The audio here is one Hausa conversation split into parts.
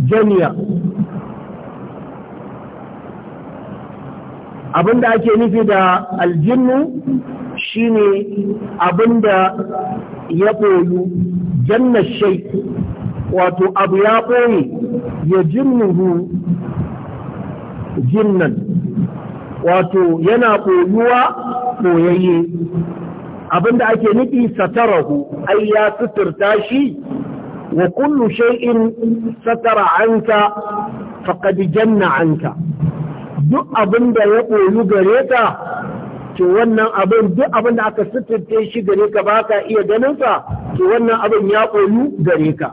jamiya abinda ake nufi da aljinnu shine abinda ya koyu jannar shai wato abu ya koyi ya jinnuhu jinnan wato yana koyuwa koyayye abinda ake nufi satarahu ai ya suturta shi وكل شيء ستر عنك فقد جن عنك duk abin da ya koyu gare ka to wannan abin duk abin da aka suturce shi gare ka ba ka iya ganin sa to wannan abin ya koyu gare ka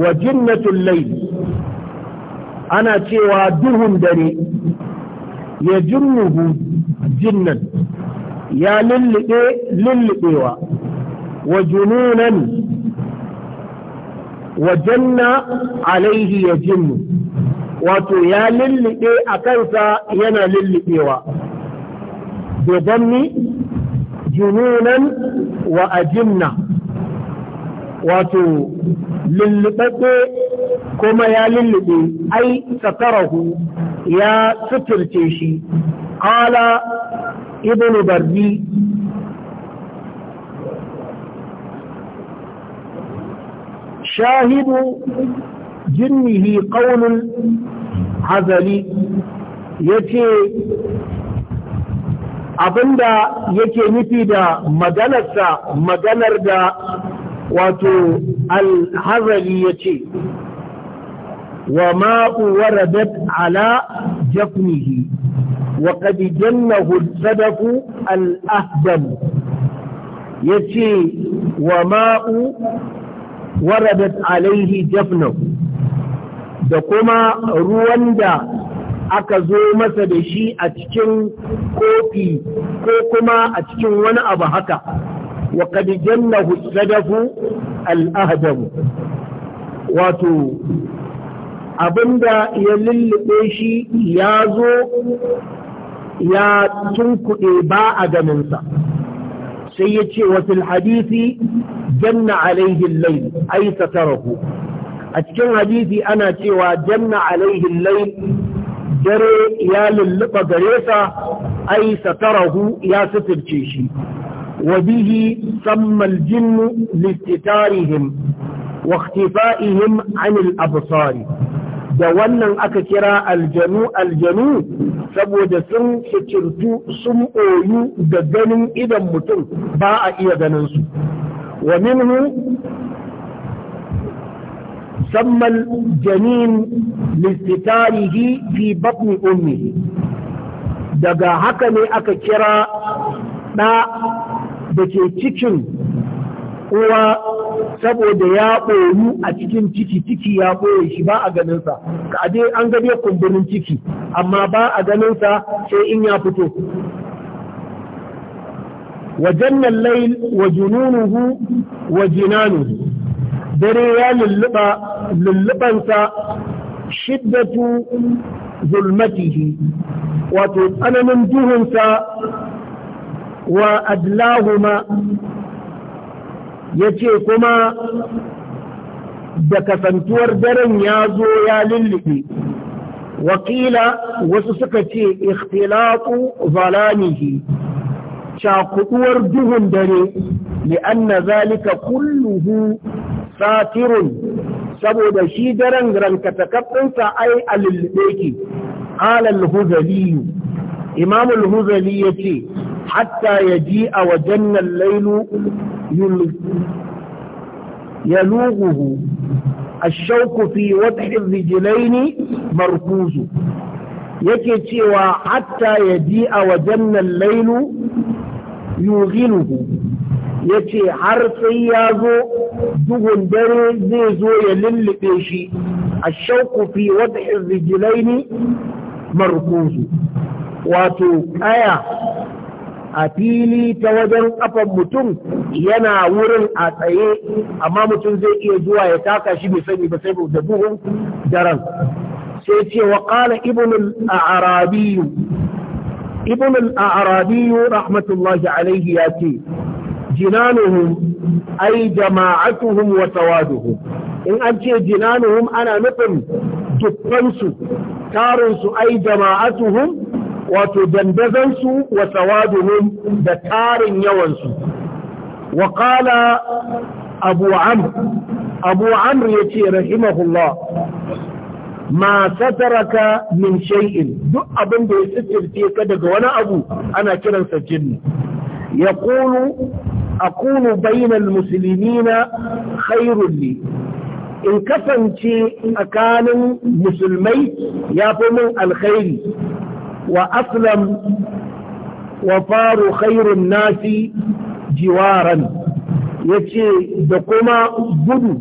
wa jinnatul layl ana cewa duhun dare ya jinnuhu jinnan ya lullube lullubewa wa jununan Wajen na alaihi ya jinnu wato ya lullube a kansa yana lullubewa dodanni jununan wa ajinna wato lulluɓaɓɓe kuma ya lullube ai sakarahu ya suturce shi ƙala ibn barbi shahidu jinnihi qaulul hazali yace abinda yake nufi da maganarsa maganar da wato al-hazali yace wa ma'u waradat ala jafnihi وقد جنه السدف الأهدم يتي وماء waradat alaihi jafnu da kuma ruwan da aka zo masa da shi a cikin kofi ko kuma a cikin wani abu haka wa kad jannahu sadafu al wato abinda ya lullube shi ya zo ya tunkuɗe ba a ganinsa. sa سيد سيدي وفي الحديث جن عليه الليل أي ستره أتكن حديث أنا سوى جن عليه الليل جري يا للقى جريسة أي ستره يا ستر تشيشي وبه سمى الجن لاستتارهم واختفائهم عن الأبصار da wannan aka kira aljanu aljanu saboda sun fikirtu sun oyu da ganin idan mutum ba a iya ganin su wa minhu samma janin listitarihi fi batni ummihi daga haka ne aka kira ɗa da ke cikin uwa saboda ya ɓoyu a cikin ciki ciki ya ɓoye shi ba a ganinsa ka je an gade kumburin ciki amma ba a ganinsa sai in ya fito wa jannan lail wa jununuhu wa jinanuhu dare ya lulluɓa, lullubansa shiddatu zulmatihi wato tsananin duhunsa wa adlahuma ya ce kuma da kasantuwar daren ya zo ya lullube wakila wasu suka ce ikhtilatu zalamihi cakuduwar duhun dare li'anna zalika kulluhu satirun saboda shi daren rankatakaɗinsa ai a lullube ki alal huzaliyu imamul huzali ya ce حتى يجيء وجن الليل يلوغه الشوك في وضح الرجلين مركوز يكي حتى يجيء وجن الليل يوغنه يكي حرصي يازو دهن دري زيزو يلل بيشي الشوق في وضح الرجلين مركوز واتو آيه a fili ta wajen kafan mutum yana wurin a tsaye amma mutum zai iya zuwa ya taka shi bai sani ba sai da buhun daren sai ce wa qala ibnul arabi ibnul arabi rahmatullahi alaihi ya ce jinanuhum ay jama'atuhum wa tawaduhum in an ce jinanuhum ana nufin dukkansu tarinsu ai jama'atuhum wato dandazansu wa tsawaduhum da tarin yawansu wa qala abu amr abu amr yace rahimahullah ma sataraka min shay'in duk abin da ya sitirce ka daga wani abu ana kiransa jinni a aqulu bainal muslimina khairul ne. in kasance tsakanin musulmai ya fi min alkhairi وأسلم وفار خير الناس جوارا da kuma Gudu,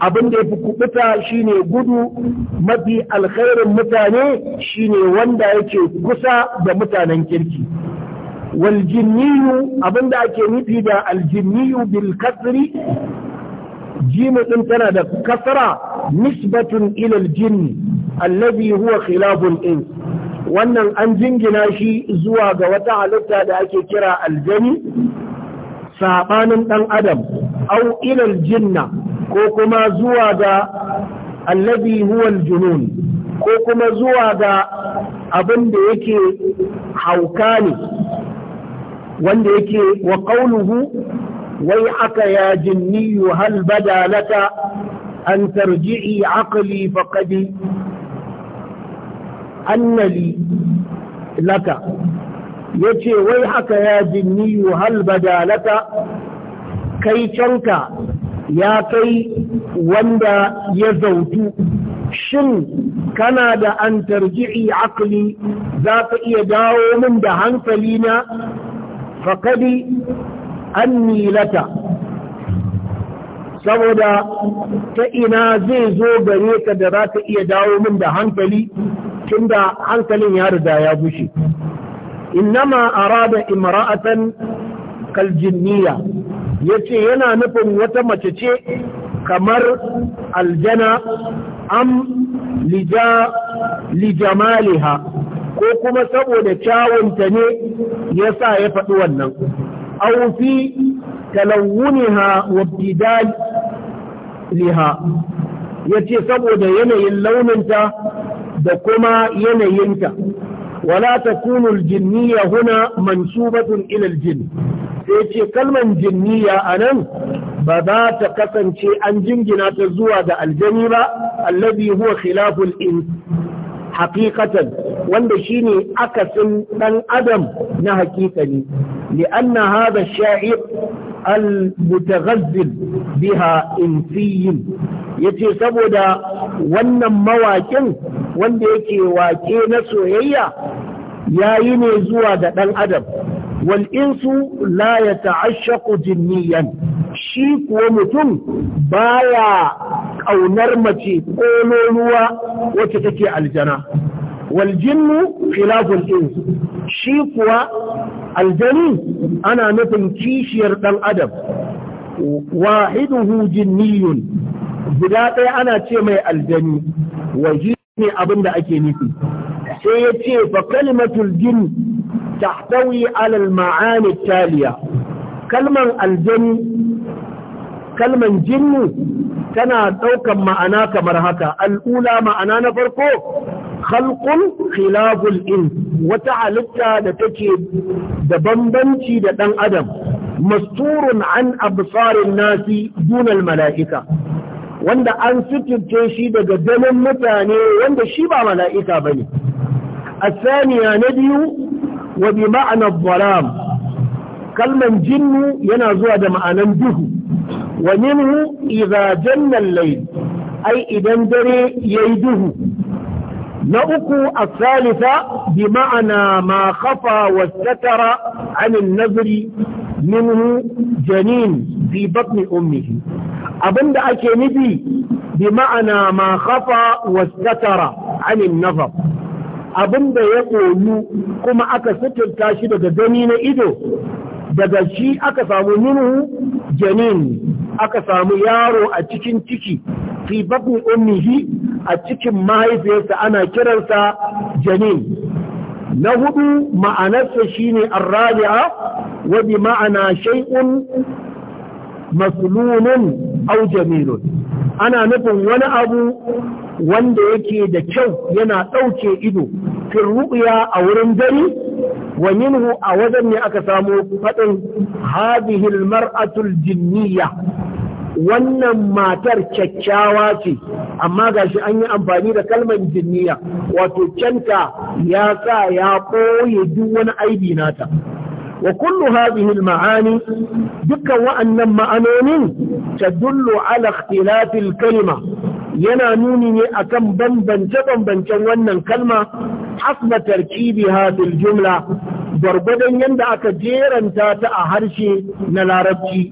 abin da ya fi kubuta shine gudu mafi alkhairin mutane shine wanda yake kusa da mutanen kirki waljinniyu abin da ake nufi da aljinniyu bil kasri jimu din tana da kasra Nisbatun إلى الجن الذي هو خلاف wannan an jingina shi zuwa ga wata halitta da ake kira aljami, saɓanin ɗan adam au ilal jinna ko kuma zuwa ga allabi huwal junun ko kuma zuwa ga abin da yake hauka ne wanda yake wa ƙaunuhu wai aka ya jinniyu hal bada laka أن ترجعي عقلي فقد أن لي لك يتي ويحك يا جني هل بدا لك كي تنك يا كي وندا يزوت shin kana da an tarji'i aqli za ka iya dawo min da hankalina faƙadi an nilata saboda ta ina zai zo gare ka da za ta iya dawo min da hankali tunda hankalin ya riga ya gushe innama arada imra'atan kaljinniya yace yana nufin wata mace ce kamar aljana am lija lijamaliha ko kuma saboda kyawunta ne yasa ya faɗi wannan aufi talawuniha wa bidaliha yace saboda yanayin launinta da kuma yanayinta wala takunu aljinniya huna mansubatun ila aljin sai ce kalman jinniya anan ba za ta kasance an jingina ta zuwa ga aljani ba allazi huwa khilaful ins haqiqatan wanda shine akasin ɗan adam na haƙiƙani li anna hadha sha'ir al-mutaghazzib biha insiyin yace saboda wannan mawakin wanda yake wake na soyayya yayi ne zuwa ga ɗan adam wal insu la yata'ashshaqu jinniyan shi kuwa mutum baya ƙaunar mace ko ruwa wacce take aljana wal jinnu khilaful ins shi kuwa aljani ana nufin kishiyar ɗan adam wahiduhu jinniyun guda ɗaya ana ce mai aljani waje ne abin da ake nufi sai ya ce fa kalimatul jin tahtawi alal ma'ani taliya kalman aljani kalman jinnu tana ɗaukan ma'ana kamar haka al'ula ma'ana na farko khalqun khilaful in wata halitta da take da bambanci da ɗan adam masturun an absarin nasi dunal mala'ika wanda an sitirce shi daga ganin mutane wanda shi ba mala'ika bane asaniya na biyu wa bi ma'ana dharam kalman jinnu yana zuwa da ma'anan duhu wa minhu idza jalla al-layl ay idan dare yayi duhu na uku a salisa bi ma'ana ma kafa wa satara anin nazari minhu janin bi batni ummihi abinda ake nufi bi ma'ana ma kafa wa satara anin nazar abinda ya koyu kuma aka suturta shi daga gani na ido daga shi aka samu minhu janin aka samu yaro a cikin ciki fi batni ummihi a cikin mahaifiyarsa ana kiransa janin na hudu ma'anarsa shine arrabi'a wa bi ma'ana shay'un maslunun aw jamilun ana nufin wani abu wanda yake da kyau yana ɗauke ido fil ru'ya a wurin gari wa minhu a wajen ne aka samu faɗin hadhihi al-mar'atu al-jinniyya wannan matar kyakkyawa ce amma gashi an yi amfani da kalman jinniya wato canta ya sa ya ɓoye duk wani aibi nata wa kullu hadhihi al-ma'ani dukkan wa'annan ma'anonin tadullu ala ikhtilafi al-kalima yana nuni ne akan bambance bambancen wannan kalma hasba tarkibi fil jumla gwargwadon yadda aka jeranta ta a harshe na larabci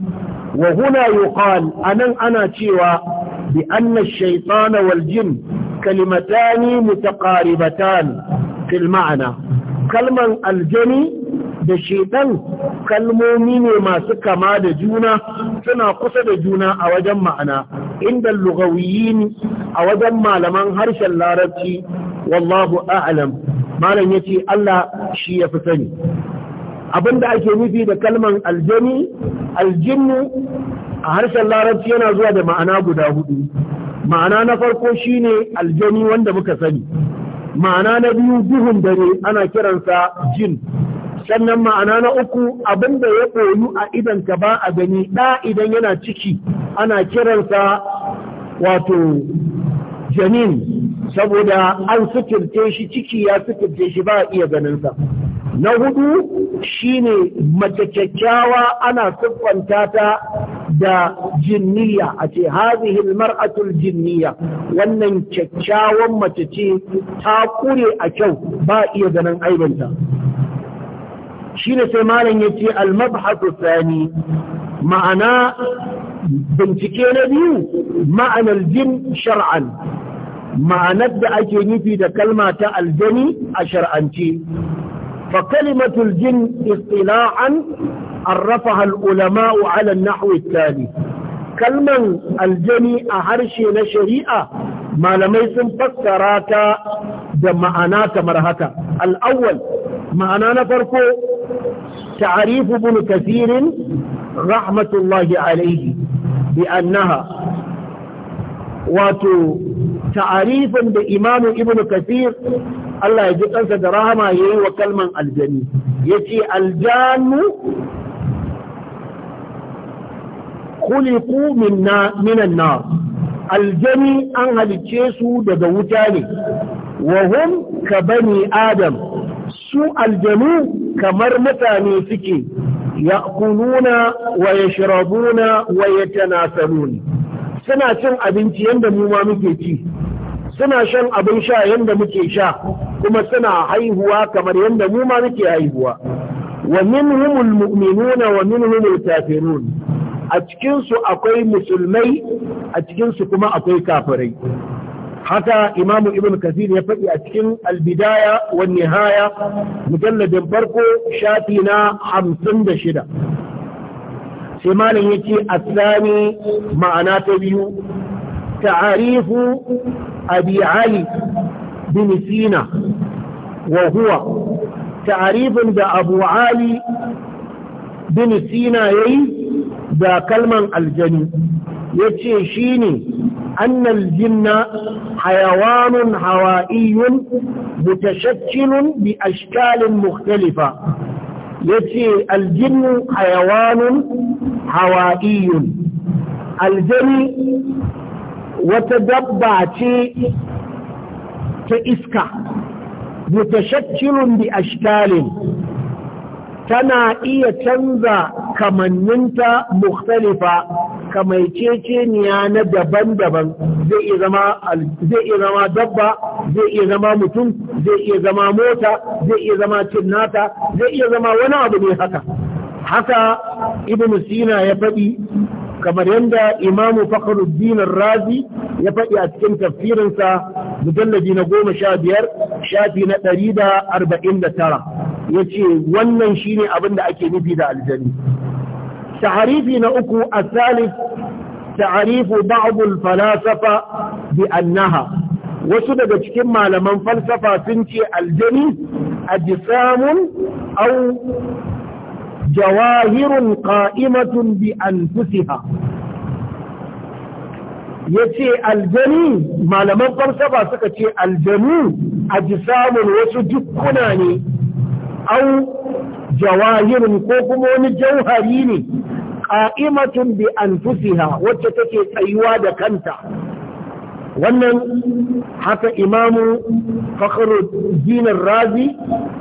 wa huna yuqal anan ana cewa bi anna ash-shaytan wal jin kalimatan mutaqaribatan fil kalman aljani da shaitan kalmomi ne masu kama da juna suna kusa da juna a wajen ma'ana inda lugawiyin a wajen malaman harshen larabci wallahu a'lam malam yace Allah shi ya fi sani Abin da ake nufi da kalman aljani aljinnu a harshen larabci yana zuwa da ma'ana guda hudu ma'ana na farko shine aljani wanda muka sani ma'ana na biyu duhun dare ana kiransa jin sannan ma'ana na uku abin da ya koyu a idan ka ba a gani da idan yana ciki ana kiransa wato janin saboda an suturce shi ciki ya suturce shi ba iya ganinsa na hudu shine mace kyakkyawa ana siffanta ta da jinniya a ce hazihil mar'atul jinniya wannan kyakkyawan mace ce ta kure a kyau ba iya ganin aibinta shine sai malam yace al-mabhathu Sani ma'ana bincike na biyu ma'anar jin shar'an ma'anar da ake nufi da kalma ta aljani a shar'ance fa kalimatul jin istila'an arrafaha al-ulama'u 'ala an-nahwi tali kalman aljani a harshe na shari'a malamai sun fassara ta da ma'ana kamar haka al ma'ana na farko ta'arifu ibn kathir rahmatullahi alayhi bi annaha wato ta'arifin da imamu ibn kafir Allah ya ji kansa da rahama ya yi wa kalman aljani yace aljanu khuliqu minan aljani an halice su daga wuta ne wahun hum ka bani adam su aljanu kamar mutane suke kununa wa yashrabuna wa yatanasalun suna cin abinci yanda mu ma muke ci suna shan abin sha yadda muke sha kuma suna haihuwa kamar yadda mu ma muke haihuwa wa minhumul mu'minuna wa minhumul kafirun a cikin su akwai musulmai a cikin su kuma akwai kafirai haka imam ibn kathir ya faɗi a cikin albidaya wa nihaya mujalladin farko shafi na hamsin da shida sai malam yace asami ma'ana ta biyu ta'arifu أبي علي بن سينا وهو تعريف بأبو أبو علي بن سينا يي ذا كلمة الجن يتشيشيني شيني أن الجن حيوان هوائي متشكل بأشكال مختلفة يتشي الجن حيوان هوائي الجن wata dabba ce ta iska mutashakkilun bi ashkalin tana iya canza kamanninta mukhtalifa kamaiceceniya na daban-daban zai iya zama dabba zai iya zama mutum zai iya zama mota zai iya zama cinnata zai iya zama wani abu ne haka haka ibn sina ya faɗi kamar yadda imamu fakhruddin razi ya faɗi a cikin tafsirinsa mujallabi na goma sha biyar shafi na ɗari da arba'in da tara ya ce wannan shine abin da ake nufi da aljani taharifi na uku a salif ta'arifu ba'dul falasafa bi annaha wasu daga cikin malaman falsafa sun ce aljani ajisamun au jawahirun qa'imatun bi anfusiha yace aljani malaman falsafa suka ce aljanu ajisamun wasu dukkuna ne au jawahirun ko kuma wani jauhari ne qa'imatun bi anfusiha wacce take tsayuwa da kanta wannan haka imamu fakhruddin razi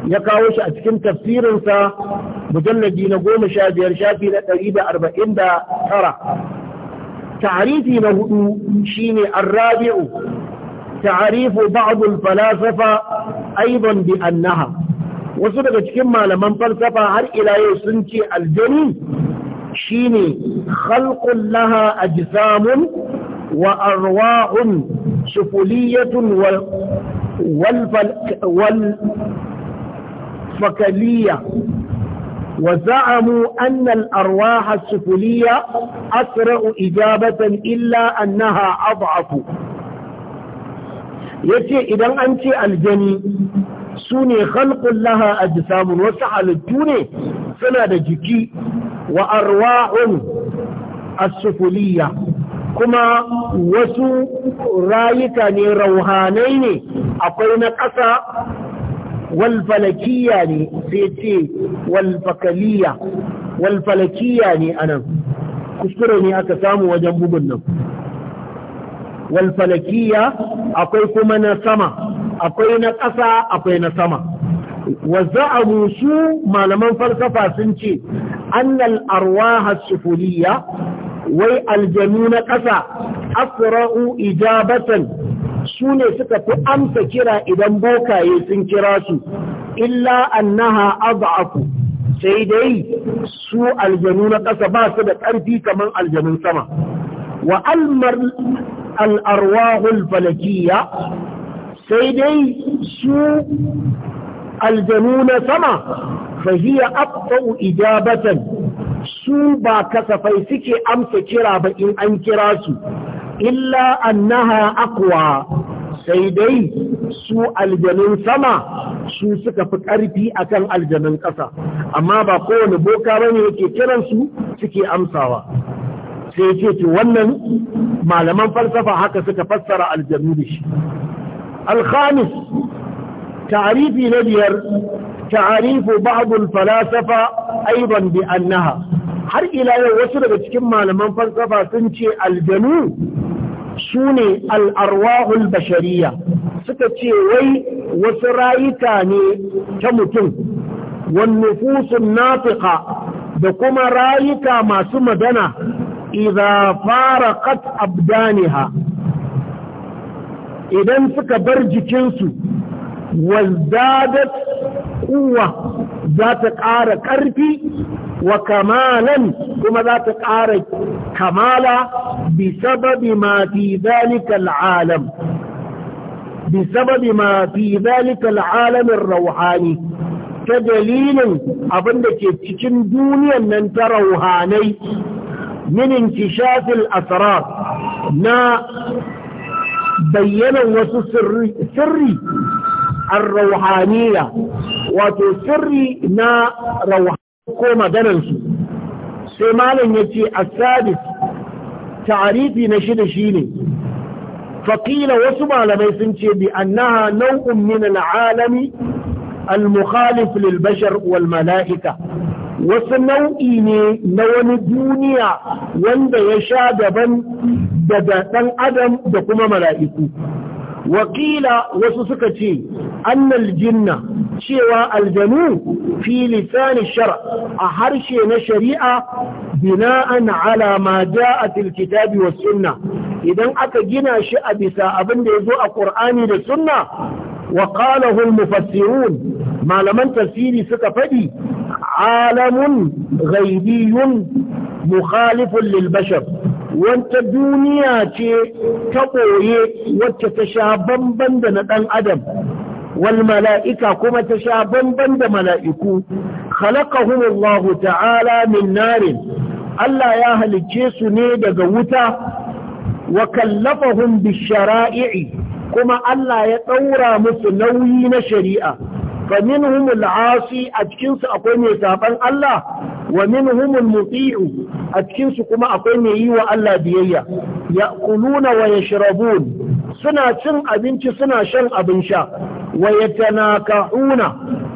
ya kawo shi a cikin tafsirinsa مجلدي نقوم شادي رشافي لقريبة أربعين دا ترى تعريفي مهدو شيني الرابع تعريف بعض الفلاسفة أيضا بأنها وصدق كما لمن فلسفة هر إلى يسنك الجنين شيني خلق لها أجسام وأرواح سفلية وال... والفل... والفكلية وزعموا أن الأرواح السفلية أسرع إجابة إلا أنها أضعف yace idan an ce aljani su ne khalqun laha ajsamun wasu halittu ne suna da jiki wa arwa'un A sufuliyya kuma wasu rayuka ne rauhanai ne akwai na ƙasa walfalakiya ne sai ce walfakaliya walfalakiya ne anan kuskure ne aka samu wajen bugun nan walfalakiya akwai kuma na sama akwai na ƙasa akwai na sama وزعموا su malaman falsafa sun ce annal arwaha sufuliya wai aljanu na ƙasa asra'u ijabatan su ne suka fi amsa kira idan bokaye sun kira su illa annaha ad'afu sai dai su aljanu na ƙasa ba su da ƙarfi kamar aljanun sama wa almar al'arwahul falakiya sai dai su aljanu na sama fahiya abta'u ijabatan su ba kasafai suke amsa kira ba in an kira su illa annaha akwa sai dai su aljanun sama su suka fi ƙarfi akan aljanun ƙasa amma ba kowane boka ba ne yake kiransu suke amsawa sai ce ce wannan malaman falsafa haka suka fassara aljanu da shi alkhamis tarifi na biyar ta'arifu ba'dul falasafa aiban bi annaha har ila yau wasu daga cikin malaman falsafa sun ce aljanu su ne al'arwahul bashariya suka ce wai wasu rayuka ne ta mutum wannufusun nafiƙa da kuma rayuka masu magana fara kat abdaniha idan suka bar jikinsu wazdadat kuwa za ta ƙara ƙarfi wa kamalan kuma za ta ƙara kamala بسبب ما في ذلك العالم بسبب ما في ذلك العالم الروحاني كدليل أبدا دوني دونيا من تروحاني من انكشاف الأسرار نا بينا وسر سري, الروحانية wato نا روحانية كما ko maganarsu sai السادس ta'arifi na shida shine faqila wasu malamai sun ce bi annaha nau'un min al'alami al-mukhalif lil bashar wal mala'ika wasu nau'i ne na wani duniya wanda ya sha daban daga ɗan adam da kuma mala'iku wakila wasu suka ce annal jinna cewa aljanu fi lisani shar a harshe na shari'a bina'an ala ma ja'at alkitabi was sunna idan aka gina shi a bisa abin da yazo a qur'ani da sunna wa qalahu almufassirun malaman tafsiri suka fadi alamun ghaibiyun mukhalifun lil bashar wata duniya ce ta ɓoye wacce ta sha bamban da na ɗan adam wal mala'ika kuma ta sha bamban da mala'iku khalaqahum Allah ta'ala min narin Allah ya halicce su ne daga wuta wa kallafahum bishara'i kuma Allah ya ɗaura musu nauyi na shari'a fa humul asi a cikinsu akwai mai saban Allah wa minhumul muti'u a cikinsu kuma akwai mai yi wa Allah biyayya Kuluna wa shirabun, suna cin abinci suna shan abin sha wa yatanakahuna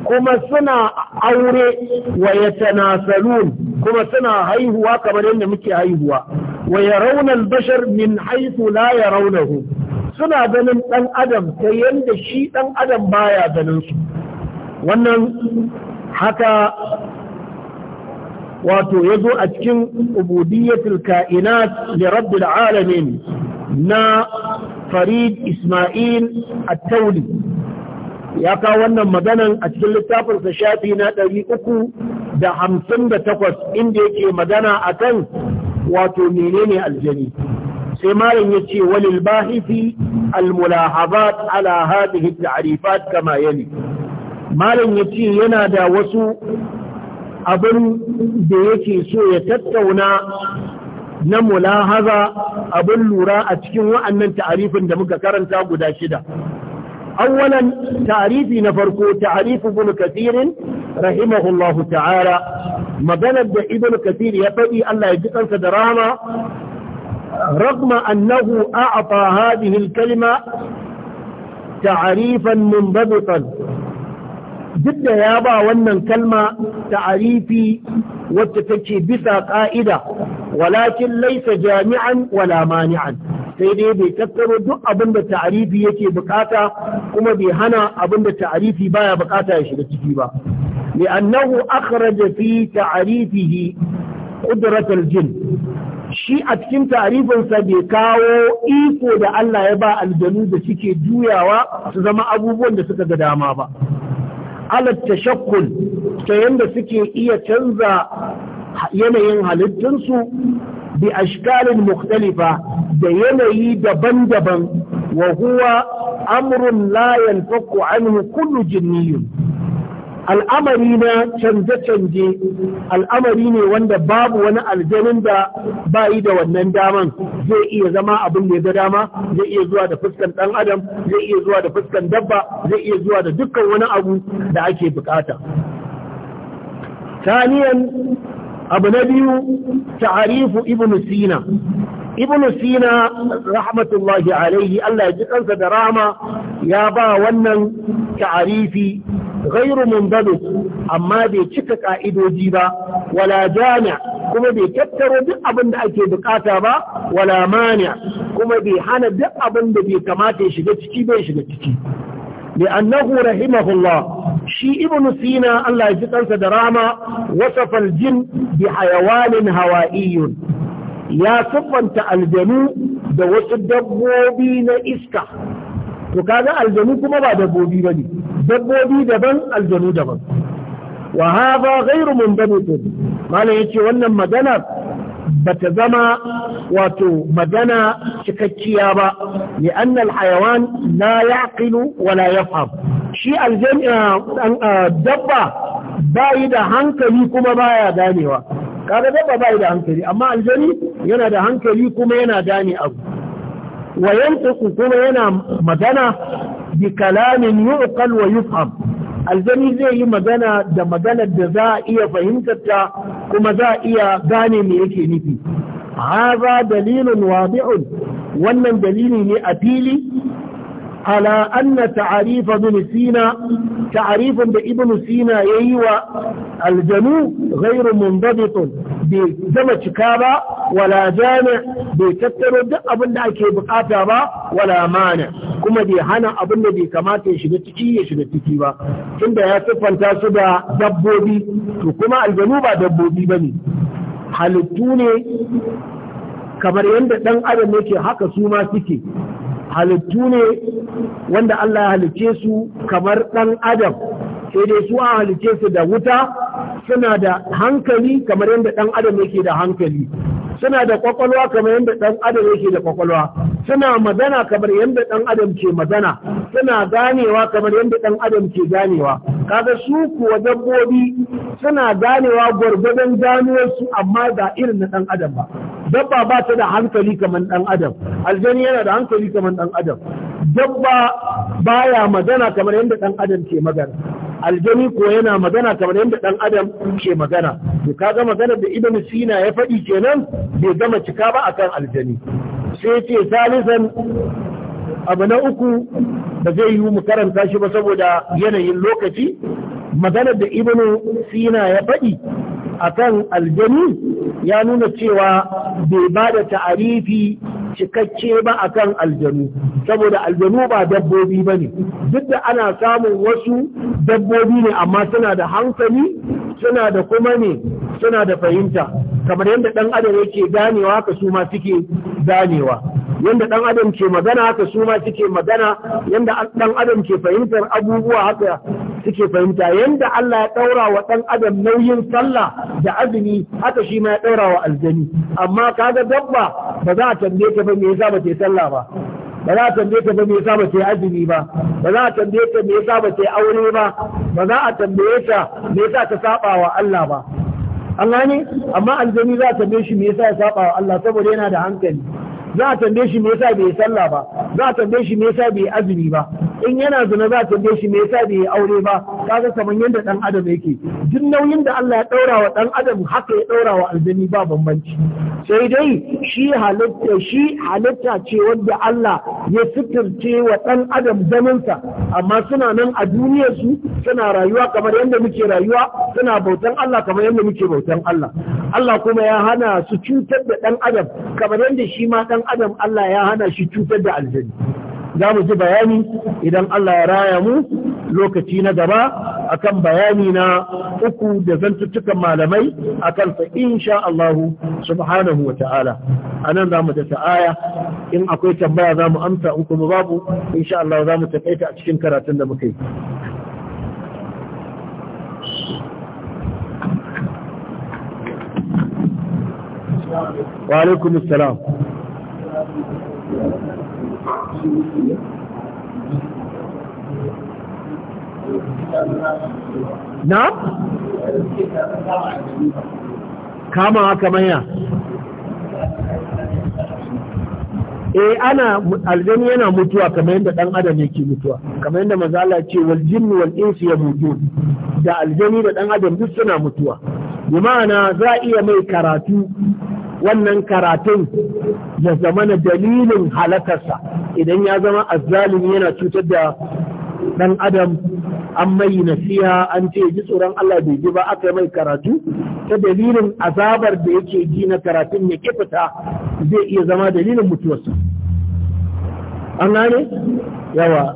kuma suna aure wa yatanasalun kuma suna haihuwa kamar yadda muke haihuwa wa bashar min haythu la yarawnahu suna ganin ɗan adam ta yadda shi ɗan adam baya ganin su wannan haka wato ya zo a cikin ubudiyyatul ka'inat li rabbil alamin na farid ismail at-tauli ya kawo wannan maganan a cikin littafinsa shafi na ɗari uku da hamsin da takwas inda yake magana a kan wato menene aljani sai malam ya ce walil bahifi almulahabat ala hadhihi ta'rifat kama yali malam ya ce yana da wasu abin da yake so ya tattauna na mulahaza abin lura a cikin wa'annan ta'arifin da muka karanta guda shida awwalan ta'arifi na farko ta'arifu ibn kathirin rahimahullahu ta'ala maganar da ibn kasir ya faɗi Allah ya ji kansa da rahama رغم أنه أعطى هذه الكلمة تعريفا منضبطا duk da ya ba wannan kalma ta'arifi wacce take bisa ƙa'ida walakin laisa jami'an wala mani'an sai dai bai tattaro duk abin da ta'arifi yake bukata kuma bai hana abin da ta'arifi baya bukata ya shiga ciki ba li'annahu akhraja fi ta'arifihi qudratul jin shi a cikin tarifinsa bai kawo iko da Allah ya ba aljanu da suke juyawa su zama abubuwan da suka ga dama ba ala tashakkul ta yadda suke iya canza yanayin halittunsu bi ashkalin mukhtalifa da yanayi daban-daban wa huwa amrun la yanfaku anhu kullu jinniyun al'amari na canje-canje al'amari ne wanda babu wani aljanin da bayi da wannan daman zai iya zama abin da ya ga dama zai iya zuwa da fuskan dan adam zai iya zuwa da fuskan dabba zai iya zuwa da dukkan wani abu da ake bukata Saniyan abu na biyu ta'arifu ibnu sina ibnu sina rahmatullahi alaihi Allah ya ji kansa da rama ya ba wannan ta'arifi ghairu mundabi amma bai cika ƙa'idoji ba wala jami'a kuma bai tattaro duk abin da ake bukata ba wala mani'a kuma bai hana duk abin da bai kamata ya shiga ciki bai shiga ciki لأنه رحمه الله شي ابن سينا da Rama, دراما faljin الجن بحيوان هوائي ya صفنت aljanu da wasu dabbobi na iska to kaga aljanu kuma ba dabbobi bane dabbobi daban aljanu daban wa haza ghairu mundamitun malam yace wannan magana bata zama wato magana cikakkiya ba li annal alhayawan la yaqilu wa la yafham shi aljan dabba bayi da hankali kuma baya ganewa kaga dabba bayi da hankali amma aljani yana da hankali kuma yana gane abu wa yantiku kuma yana magana bi kalamin yuqal wa yufham aljani zai yi magana da maganar da za a iya fahimtarta kuma za a iya gane me yake nufi haza dalilin wadi'un wannan dalili ne a fili ala anna ta'arifa ta'arifin da ibn sina ya yi wa aljanu ghairu mundabit bai zama cika ba wala jami bai tattaro duk abinda da ake bukata ba wala mana kuma bai hana abunda bai kamata ya shiga ciki ya shiga ciki ba tunda ya siffanta su da dabbobi to kuma aljanu ba dabbobi ba ne. halittu ne kamar yadda ɗan adam yake haka su ma suke halittu ne wanda Allah ya halice su kamar ɗan adam sai dai su a halice su da wuta suna da hankali kamar yadda ɗan adam yake da hankali suna da kwakwalwa kamar yadda ɗan adam yake da kwakwalwa suna magana kamar yadda ɗan adam ke magana suna ganewa kamar yadda ɗan adam ke ganewa kaga su kuwa dabbobi suna ganewa gwargwadon ganuwar su amma ga irin na ɗan adam ba dabba ba ta da hankali kamar ɗan adam aljani yana da hankali kamar ɗan adam dabba baya magana kamar yadda ɗan adam ke magana aljani ko yana magana kamar yadda ɗan adam ke magana to ga maganar da ibn sina ya faɗi kenan bai gama cika ba akan aljani sai ce salisan abu na uku da zai yi mu karanta shi ba saboda yanayin lokaci maganar da ibn sina ya faɗi akan aljani ya nuna cewa bai ba da ta'arifi cikakke ba akan aljanu saboda aljanu ba dabbobi ba ne duk da ana samun wasu dabbobi ne amma suna da hankali suna da kuma ne suna da fahimta kamar yadda ɗan adam yake ganewa haka su ma suke ganewa yadda ɗan adam ke magana haka su ma suke magana yadda ɗan adam ke fahimtar abubuwa haka suke fahimta yadda Allah ya ɗaura wa ɗan adam nauyin sallah da azumi haka shi ma ya ɗaura wa aljani amma kaga dabba ba za a tambaye ta ba me yasa ba ta sallah ba ba za a tambaye ta ba me yasa ba ta azumi ba ba za a tambaye ta me yasa ba ta aure ba ba za a tambaye ta me yasa ta saba wa Allah ba Allah ne amma aljani za a tambaye shi me yasa ya saba wa Allah saboda yana da hankali za a tambaye shi me yasa bai sallah ba za a tambaye shi me yasa bai azumi ba in yana zina za ta shi me yasa bai aure ba kaga saman yanda dan adam yake duk nauyin da Allah ya daura wa dan adam haka ya daura wa aljani ba bambanci sai dai shi halitta shi halitta ce wanda Allah ya suturce wa dan adam zamansa amma suna nan a duniya su suna rayuwa kamar yanda muke rayuwa suna bautan Allah kamar yanda muke bautan Allah Allah kuma ya hana su cutar da dan adam kamar yanda shi ma dan adam Allah ya hana shi cutar da aljani za mu ji bayani idan Allah ya raya mu lokaci na gaba akan bayani na uku da zantuttukan malamai akan sa insha Allah subhanahu wa ta'ala anan za mu tafi aya in akwai tambaya za mu amsa in kuma babu insha Allah za mu takaita a cikin karatun da muka yi wa alaikum assalam na? kama kamar ya eh ana aljani yana mutuwa kamar yadda dan adam yake mutuwa kamar yadda manzo Allah ce wal jinn wal insi yamutun da aljani da dan adam duk suna mutuwa bi ma'ana za iya mai karatu wannan karatun ya zama na dalilin halakarsa idan ya zama azzalimi yana cutar da ɗan adam an mai nasiha an ce ji tsoron Allah bai ji ba aka mai karatu ta dalilin azabar da yake ji na karatun ya kifita zai iya zama dalilin mutuwarsa an gane yawa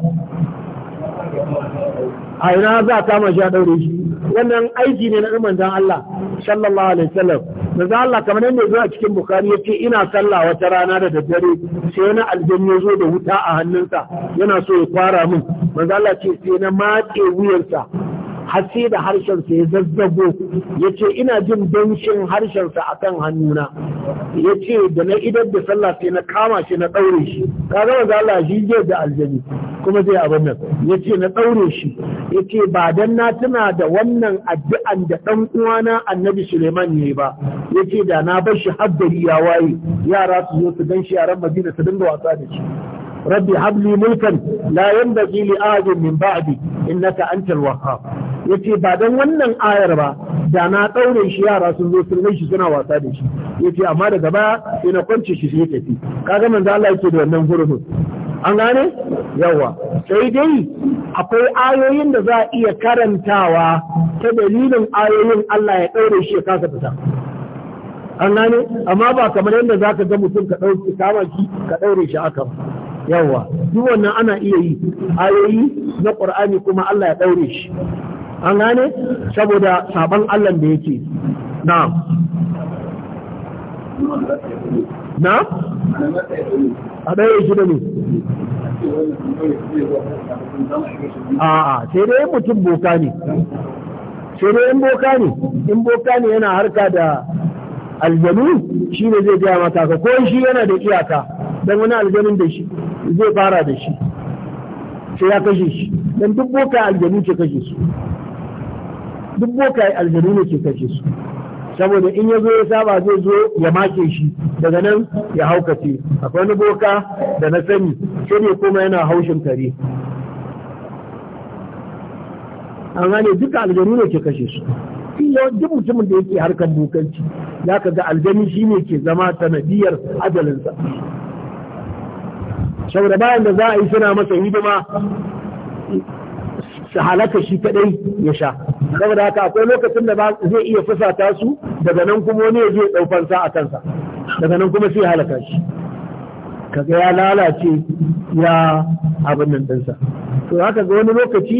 a ina za a kama shi a ɗaure shi wannan aiki ne na ɗan Allah sallallahu alaihi wasallam za Allah kamar yadda zuwa cikin bukari yace ina sallah wata rana da daddare sai wani aljan ya zo da wuta a hannunsa yana so ya fara min manzo Allah ce sai na matse wuyarsa har sai da harshensa ya zazzago ya ce ina jin danshin harshen a akan hannuna ya ce da na idar da sallah sai na kama shi na ɗaure shi ka Ba za Allah shi da aljani kuma zai abin nan ya ce na ɗaure shi ya ce ba dan na tuna da wannan addu'an da ɗan uwana annabi suleiman ne ba ya ce da na bar shi haddari ya waye yara su zo su gan shi yaran madina su dinga wasa da shi rabbi habli mulkan la yanbaghi li ahadin min ba'di innaka antal wahhab yace ba dan wannan ayar ba da na ɗaure shi yara sun zo sun shi suna wasa da shi yace amma daga baya sai na kwance shi sai tafi kaga manzo Allah yake da wannan hurumin an gane yawa sai dai akwai ayoyin da za a iya karantawa ta dalilin ayoyin Allah ya daure shi ya kasa fita an gane amma ba kamar yadda za ka ga mutum ka ɗauki kama shi ka ɗaure shi aka yawa duk wannan ana iya yi ayoyi na ƙur'ani kuma Allah ya ɗaure shi an gane saboda sabon Allah da yake na na a ɗaya shi da ne a'a sai dai mutum boka ne sai dai in boka ne in boka ne yana harka da aljanu shi ne zai gaya mata ka ko shi yana da iyaka don wani aljanin da shi zai fara da shi sai ya kashe shi don duk boka aljanu ce kashe su duk bokaye aljanu ne ke kashe su saboda in ya zo ya saba zai zo ya make shi daga nan ya haukace akwai wani boka da na sani sai ne kuma yana haushin kare an gane duka aljanu ne ke kashe su duk mutumin da yake harkar bokanci za ka ga aljani shi ne ke zama sanadiyar ajalinsa saboda bayan da za a yi suna masa hidima su halaka shi kadai ya sha saboda haka akwai lokacin da zai iya fusata su daga nan kuma wani ya je sa a kansa daga nan kuma sai halaka shi kaga ya lalace ya abin nan ɗinsa to haka ga wani lokaci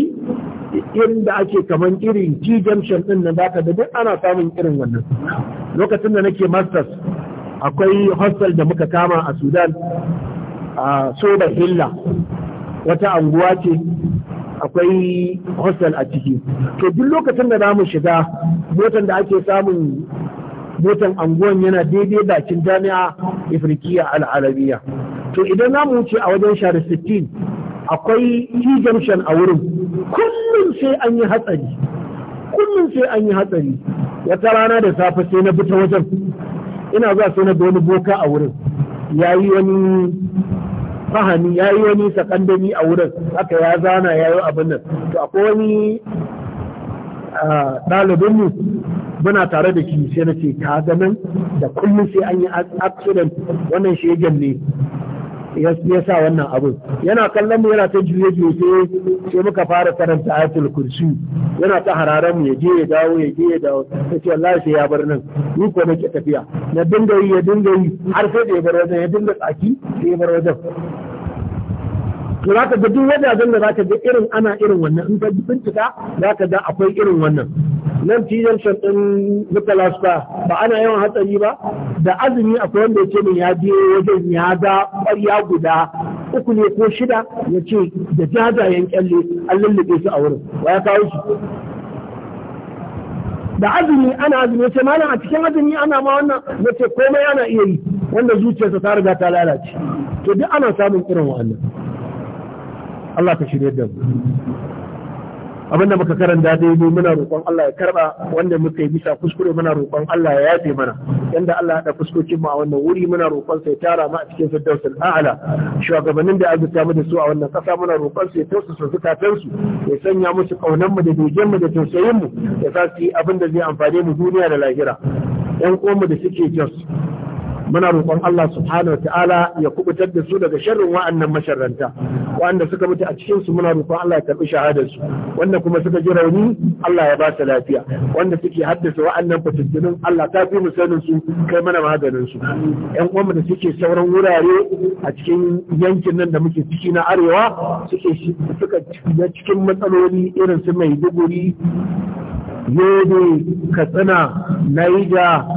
inda ake kaman irin T junction din nan zaka da duk ana samun irin wannan lokacin da nake masters akwai hostel da muka kama a Sudan a Soba Hilla wata anguwa ce akwai hostel a ciki to duk lokacin da za mu shiga motan da ake samun motan anguwan yana daidai bakin jami'a ifrikiya al'arabiya to idan za mu wuce a wajen share sittin akwai t junction a wurin kullum sai an yi hatsari kullum sai an yi hatsari wata rana da safe sai na bi wajen ina zuwa sai na wani boka a wurin yayi wani fahani ya yi wani sakandami a wurin haka ya zana ya yi abin nan to akwai wani ɗalibinmu muna tare da shi sai na ce ka ganin da kullum sai an yi accident wannan shegen ne ya sa wannan abin yana kallon mu yana ta juye juye sai muka fara karanta ayatul kursi yana ta hararen mu ya je ya dawo ya je ya dawo sai ce Allah sai ya bar nan ni ko nake tafiya na dinga yi ya dinga yi har sai da ya bar wajen ya dinga tsaki sai ya bar wajen to za ka ga duk wajajen da za ka ga irin ana irin wannan in ka bincika za ka ga akwai irin wannan nan tijanshan ɗin mutala ba ana yawan hatsari ba da azumi akwai wanda ya ce min ya biyo wajen ya ga ƙwarya guda uku ne ko shida ya ce da jajayen kyalle an lullube su a wurin wa ya kawo shi da azumi ana azumi ce malam a cikin azumi ana ma wannan na ce komai ana iya yi wanda zuciyarsa ta riga ta lalace to duk ana samun irin wa'annan Allah ka shirye da mu abinda muka karanta ne muna roƙon Allah ya karba wanda muka yi bisa kuskure muna roƙon Allah ya yafe mana yanda Allah ya da fuskokin mu a wannan wuri muna roƙon ya tara mu a cikin firdausul a'la shugabannin da aka mu da su a wannan ƙasa muna roƙon ya tausasa zukatan su ya sanya musu kaunan mu da dogen mu da tausayin mu ya sa su yi abin da zai amfane mu duniya da lahira yan uwan mu da suke jos muna roƙon Allah subhanahu wa ta'ala ya kubutar da su daga sharrin wa'annan masharranta wa'anda suka mutu a cikin su muna roƙon Allah ya karbi shahadar su wanda kuma suka ji rauni Allah ya ba su lafiya wanda suke haddasa wa'annan fitintunin Allah ta fi mu su kai mana maganin su ƴan uwanmu da suke sauran wurare a cikin yankin nan da muke ciki na arewa suke suka cikin matsaloli irin su Maiduguri Yobe, Katsina, Naija,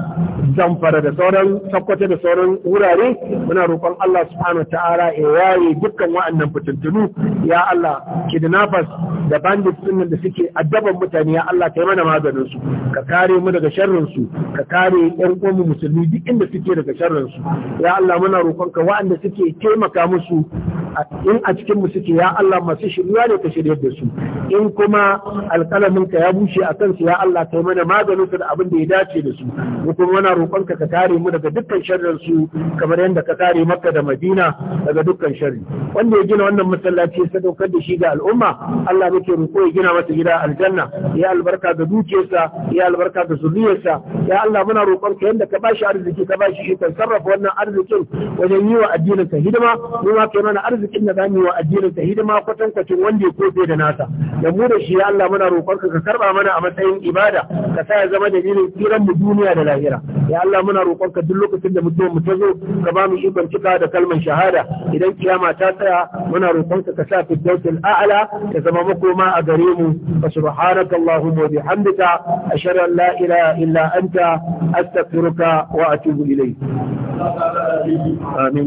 zamfara da sauran sakwata da sauran wurare muna roƙon Allah subhanahu ta'ala ya yaye dukkan wa'annan fitintunu ya Allah kidnappers da bandits din da suke addaban mutane ya Allah kai mana maganin su ka kare mu daga sharrin su ka kare ƴan uwan musulmi duk inda suke daga sharrin su ya Allah muna roƙon ka wa'anda suke taimaka musu in a cikin mu suke ya Allah masu shirya ne ka shirya da su in kuma alƙalamin ka ya bushe a kansu ya Allah kai mana maganin su da abin da ya dace da su mu kuma muna roƙon ka ka kare mu daga dukkan sharrin su kamar yadda ka kare Makka da Madina daga dukkan sharri wanda ya gina wannan masallaci ya sadaukar da shi ga al'umma Allah muke roƙo ya gina masa gida aljanna ya albarka ga dukiyarsa ya albarka ga zuriyarsa ya Allah muna roƙon ka yadda ka bashi arziki ka bashi shi kan sarrafa wannan arzikin wajen yi wa addinin ka hidima mu ma kai mana arziki arzikin da zamu yi wa addinin ta hidima kwatankwacin wanda ya kofe da nasa da mu da shi ya Allah muna roƙonka ka karba mana a matsayin ibada ka sa ya zama dalilin tsiran mu duniya da lahira ya Allah muna ka duk lokacin da mutum mu ta zo ka ba mu ikon cika da kalman shahada idan kiyama ta tsaya muna roƙonka ka sa firdausul a'la ta zama makoma a gare mu fa subhanaka allahumma wa bihamdika ashhadu an la ilaha illa anta astaghfiruka wa atubu ilayk آمين